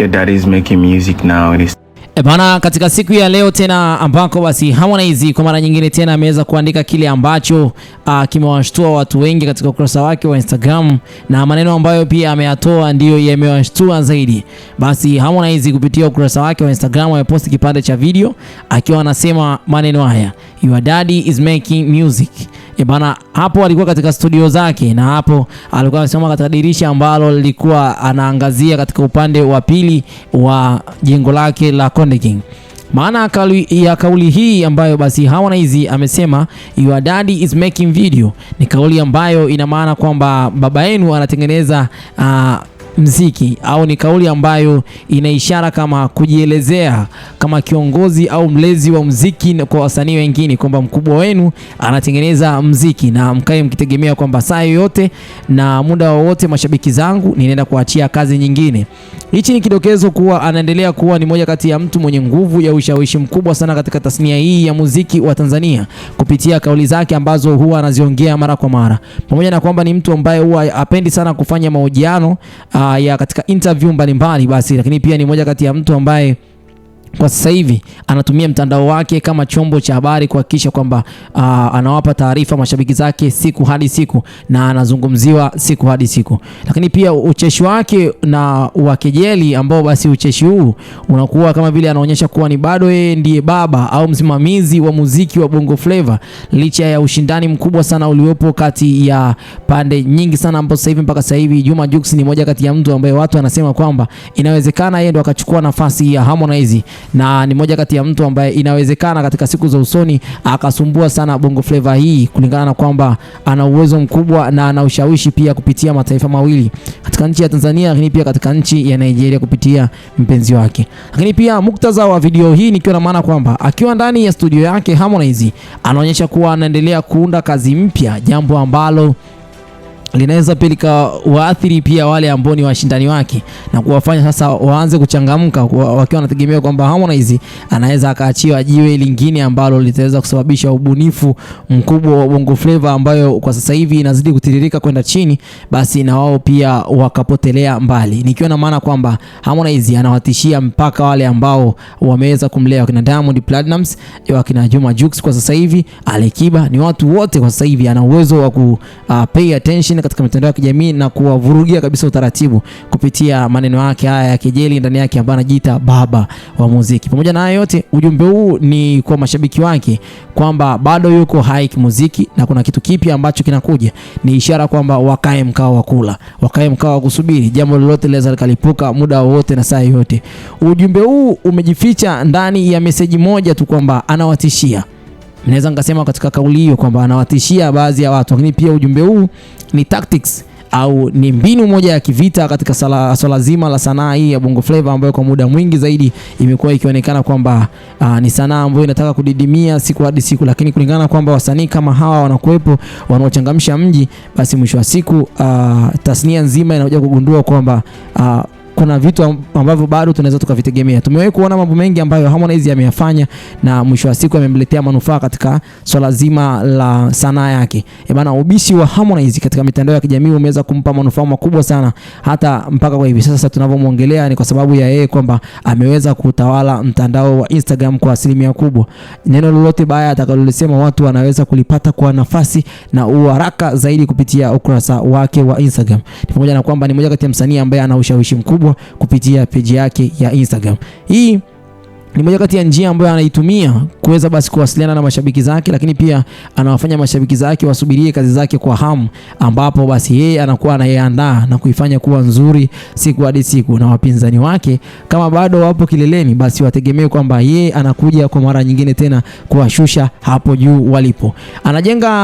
your dad is making music now it is e bana, katika siku ya leo tena ambako basi Harmonize kwa mara nyingine tena ameweza kuandika kile ambacho ah, kimewashtua watu wengi katika ukurasa wake wa Instagram, na maneno ambayo pia ameyatoa ndiyo yamewashtua zaidi. Basi Harmonize kupitia ukurasa wake wa Instagram ameposti kipande cha video akiwa anasema maneno haya. Your daddy is making music. E bana, hapo alikuwa katika studio zake, na hapo alikuwa amesimama katika dirisha ambalo lilikuwa anaangazia katika upande wa pili wa jengo lake la Konde King. Maana ya kauli hii ambayo basi Harmonize amesema your daddy is making video, ni kauli ambayo ina maana kwamba baba yenu anatengeneza uh, mziki au ni kauli ambayo ina ishara kama kujielezea kama kiongozi au mlezi wa mziki kwa wasanii wengine, kwamba mkubwa wenu anatengeneza mziki na mkae mkitegemea kwamba saa yoyote na muda wowote, mashabiki zangu, ninaenda kuachia kazi nyingine. Hichi ni kidokezo kuwa anaendelea kuwa ni moja kati ya mtu mwenye nguvu ya ushawishi mkubwa sana katika tasnia hii ya muziki wa Tanzania kupitia kauli zake ambazo huwa anaziongea mara kwa mara, pamoja na kwamba ni mtu ambaye huwa apendi sana kufanya mahojiano uh, ya katika interview mbalimbali basi, lakini pia ni moja kati ya mtu ambaye kwa sasa hivi anatumia mtandao wake kama chombo cha habari kuhakikisha kwamba uh, anawapa taarifa mashabiki zake siku hadi siku na anazungumziwa siku hadi siku, lakini pia ucheshi wake na wa kejeli, ambao basi ucheshi huu unakuwa kama vile anaonyesha kuwa ni bado yeye ndiye baba au msimamizi wa muziki wa Bongo Flava licha ya ushindani mkubwa sana uliopo kati ya pande nyingi sana, ambapo sasa hivi mpaka sasa hivi Juma Jux ni moja kati ya mtu ambaye watu anasema kwamba inawezekana yeye ndo akachukua nafasi ya Harmonize na ni moja kati ya mtu ambaye inawezekana katika siku za usoni akasumbua sana Bongo Flava hii, kulingana na kwamba ana uwezo mkubwa na ana ushawishi pia kupitia mataifa mawili katika nchi ya Tanzania, lakini pia katika nchi ya Nigeria kupitia mpenzi wake. Lakini pia muktadha wa video hii nikiwa na maana kwamba akiwa ndani ya studio yake Harmonize anaonyesha kuwa anaendelea kuunda kazi mpya, jambo ambalo linaweza pia likawaathiri pia wale ambao ni washindani wake na kuwafanya sasa waanze kuchangamka wakiwa wanategemea kwamba Harmonize anaweza akaachiwa jiwe lingine ambalo litaweza kusababisha ubunifu mkubwa wa Bongo Flava ambayo kwa sasa hivi inazidi kutiririka kwenda chini, basi na wao pia wakapotelea mbali, nikiwa na maana kwamba Harmonize anawatishia mpaka wale ambao wameweza kumlea wakina Diamond Platnumz, wakina Juma Jux, kwa sasa hivi Alikiba, ni watu wote kwa sasa hivi ana uwezo wa ku uh, pay attention wengine katika mitandao ya kijamii na kuwavurugia kabisa utaratibu kupitia maneno yake haya ya kejeli ndani yake ambaye anajiita baba wa muziki. Pamoja na hayo yote, ujumbe huu ni kwa mashabiki wake kwamba bado yuko hai kimuziki na kuna kitu kipya ambacho kinakuja. Ni ishara kwamba wakae mkao wa kula, wakae mkao wa kusubiri, jambo lolote linaweza likalipuka muda wowote na saa yoyote. Ujumbe huu umejificha ndani ya meseji moja tu kwamba anawatishia Naweza nikasema katika kauli hiyo kwamba anawatishia baadhi ya watu, lakini pia ujumbe huu ni tactics au ni mbinu moja ya kivita katika swala zima la sanaa hii ya Bongo Flava ambayo kwa muda mwingi zaidi imekuwa ikionekana kwamba ah, ni sanaa ambayo inataka kudidimia siku hadi siku, lakini kulingana kwamba wasanii kama hawa wanakuwepo wanaochangamsha mji, basi mwisho wa siku uh, tasnia nzima inakuja kugundua kwamba ah, kuna vitu ambavyo bado tunaweza tukavitegemea. Tumewahi kuona mambo mengi ambayo Harmonize ameyafanya na mwisho wa siku amemletea manufaa katika swala zima la sanaa yake. E bana, ubishi wa Harmonize katika mitandao ya kijamii umeweza kumpa manufaa makubwa sana, hata mpaka kwa hivi sasa tunavyomuongelea ni kwa sababu ya yeye kwamba ameweza kutawala mtandao wa Instagram kwa asilimia kubwa. Neno lolote baya atakalolisema watu wanaweza kulipata kwa nafasi na uharaka zaidi kupitia ukurasa wake wa Instagram, pamoja na kwamba ni moja kati ya msanii ambaye ana ushawishi mkubwa kubwa kupitia peji yake ya Instagram. Hii ni moja kati ya njia ambayo anaitumia kuweza basi kuwasiliana na mashabiki zake, lakini pia anawafanya mashabiki zake wasubirie kazi zake kwa hamu, ambapo basi yeye anakuwa anayeandaa na kuifanya kuwa nzuri siku hadi siku, na wapinzani wake kama bado wapo kileleni, basi wategemee kwamba yeye anakuja kwa mara nyingine tena kuwashusha hapo juu walipo. Anajenga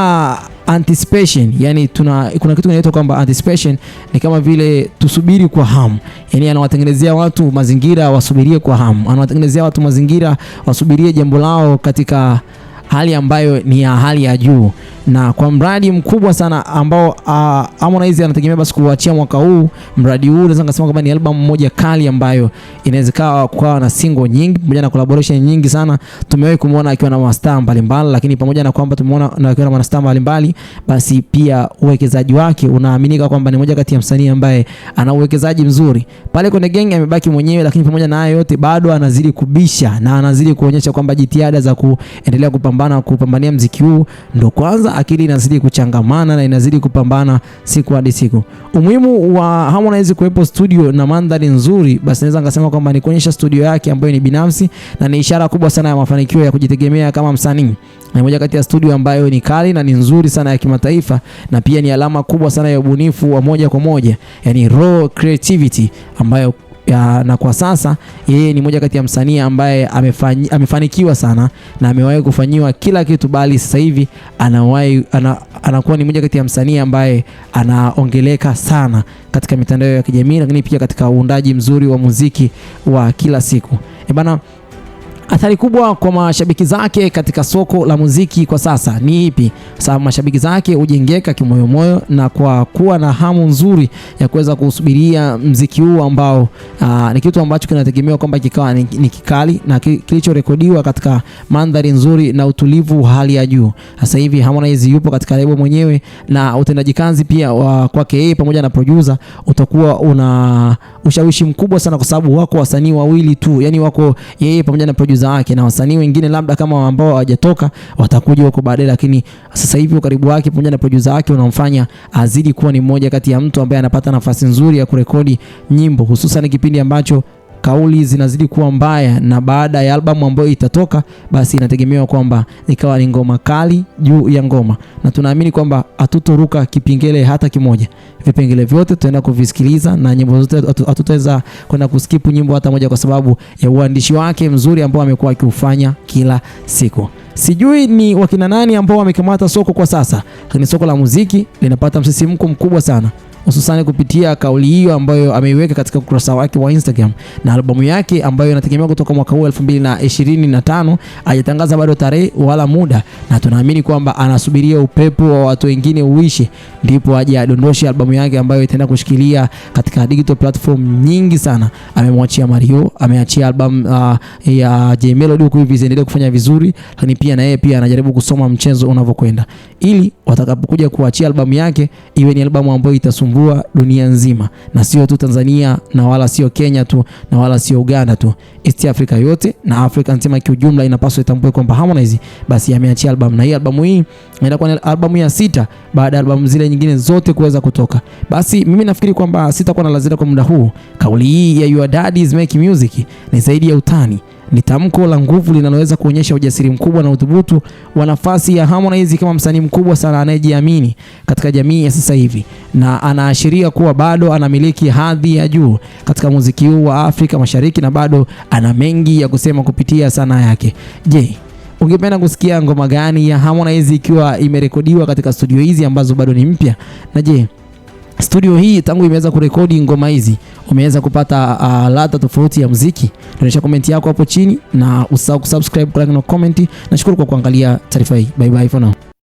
anticipation, yani tuna, kuna kitu kinaitwa kwamba anticipation ni kama vile tusubiri kwa hamu, yani anawatengenezea watu mazingira wasubirie kwa hamu, anawatengenezea watu mazingira wasubirie jambo lao katika hali ambayo ni ya hali ya juu na kwa mradi mkubwa sana ambao uh, Harmonize anategemea basi kuachia mwaka huu. Mradi huu naweza kusema kwamba ni album moja kali ambayo inaweza kawa kwa na single nyingi pamoja na collaboration nyingi sana. Tumewahi kumuona akiwa na mastaa mbalimbali, lakini pamoja na kwamba tumeona na akiwa na mastaa mbalimbali, basi pia uwekezaji wake unaaminika kwamba ni moja kati ya msanii ambaye ana uwekezaji mzuri pale. kwenye Gang amebaki mwenyewe, lakini pamoja na hayo yote bado anazidi kubisha na anazidi kuonyesha kwamba jitihada za kuendelea kupambana kupambania mziki huu ndo kwanza akili inazidi kuchangamana na inazidi kupambana siku hadi siku. Umuhimu wa Harmonize kuwepo studio na mandhari nzuri, basi naweza ngasema kwamba ni kuonyesha studio yake ambayo ni binafsi na ni ishara kubwa sana ya mafanikio ya kujitegemea kama msanii. Ni moja kati ya studio ambayo ni kali na ni nzuri sana ya kimataifa na pia ni alama kubwa sana ya ubunifu wa moja kwa moja, yani raw creativity ambayo ya, na kwa sasa yeye ni moja kati ya msanii ambaye amefanyi, amefanikiwa sana na amewahi kufanyiwa kila kitu, bali sasa hivi anawahi ana, anakuwa ni moja kati ya msanii ambaye anaongeleka sana katika mitandao ya kijamii, lakini pia katika uundaji mzuri wa muziki wa kila siku. E bana Athari kubwa kwa mashabiki zake katika soko la muziki kwa sasa ni ipi? Sababu mashabiki zake hujengeka kimoyomoyo na kwa kuwa na hamu nzuri ya kuweza kusubiria mziki huu ambao ah, ni kitu ambacho kinategemewa kwamba kikawa ni, ni kikali na kilichorekodiwa katika mandhari nzuri na utulivu wa hali ya juu. Sasa hivi Harmonize yupo katika lebo mwenyewe na utendaji kazi pia wa kwake yeye pamoja na producer utakuwa una ushawishi mkubwa sana, kwa sababu wako wasanii wawili tu, yani wako yeye pamoja na producer za wake na wasanii wengine labda kama ambao hawajatoka watakuja huko baadaye, lakini sasa hivi ukaribu wake pamoja na producer wake unamfanya azidi kuwa ni mmoja kati ya mtu ambaye anapata nafasi nzuri ya kurekodi nyimbo, hususan kipindi ambacho kauli zinazidi kuwa mbaya, na baada ya albamu ambayo itatoka, basi inategemewa kwamba ikawa ni ngoma kali juu ya ngoma, na tunaamini kwamba hatutoruka kipengele hata kimoja. Vipengele vyote tutaenda kuvisikiliza na nyimbo zote hatutaweza kwenda kuskipu nyimbo hata moja, kwa sababu ya uandishi wake mzuri ambao amekuwa akiufanya kila siku. Sijui ni wakina nani ambao wamekamata soko kwa sasa, lakini soko la muziki linapata msisimko mkubwa sana hususani kupitia kauli hiyo ambayo ameiweka katika ukurasa wake wa Instagram. Na albamu yake ambayo inategemewa kutoka mwaka huu 2025 hajatangaza bado tarehe wala muda, na tunaamini kwamba anasubiria upepo wa watu wengine uishe, ndipo aje adondoshe albamu yake ambayo itaenda kushikilia katika digital platform nyingi sana. Amemwachia Mario, ameachia albamu uh, ya J Melody huko hivi ziendelee kufanya vizuri, lakini pia na yeye pia anajaribu kusoma mchezo unavyokwenda, ili watakapokuja kuachia albamu yake iwe ni albamu ambayo itasumbua kuitambua dunia nzima, na sio tu Tanzania na wala sio Kenya tu na wala sio Uganda tu. East Africa yote na Afrika nzima kiujumla inapaswa itambue kwamba Harmonize basi ameachia albamu, na hii albamu hii inaenda ni albamu ya sita baada ya albamu zile nyingine zote kuweza kutoka. Basi mimi nafikiri kwamba sitakuwa na lazima kwa muda huu. Kauli hii ya Your is making Music ni zaidi ya utani ni tamko la nguvu linaloweza kuonyesha ujasiri mkubwa na uthubutu wa nafasi ya Harmonize kama msanii mkubwa sana anayejiamini katika jamii ya sasa hivi, na anaashiria kuwa bado anamiliki hadhi ya juu katika muziki huu wa Afrika Mashariki na bado ana mengi ya kusema kupitia sanaa yake. Je, ungependa kusikia ngoma gani ya Harmonize ikiwa imerekodiwa katika studio hizi ambazo bado ni mpya? Na je studio hii tangu imeweza kurekodi ngoma hizi umeweza kupata uh, ladha tofauti ya muziki. Dondosha komenti yako hapo chini na usahau kusubscribe, kulike na comment. Nashukuru kwa kuangalia taarifa hii. Bye bye for now.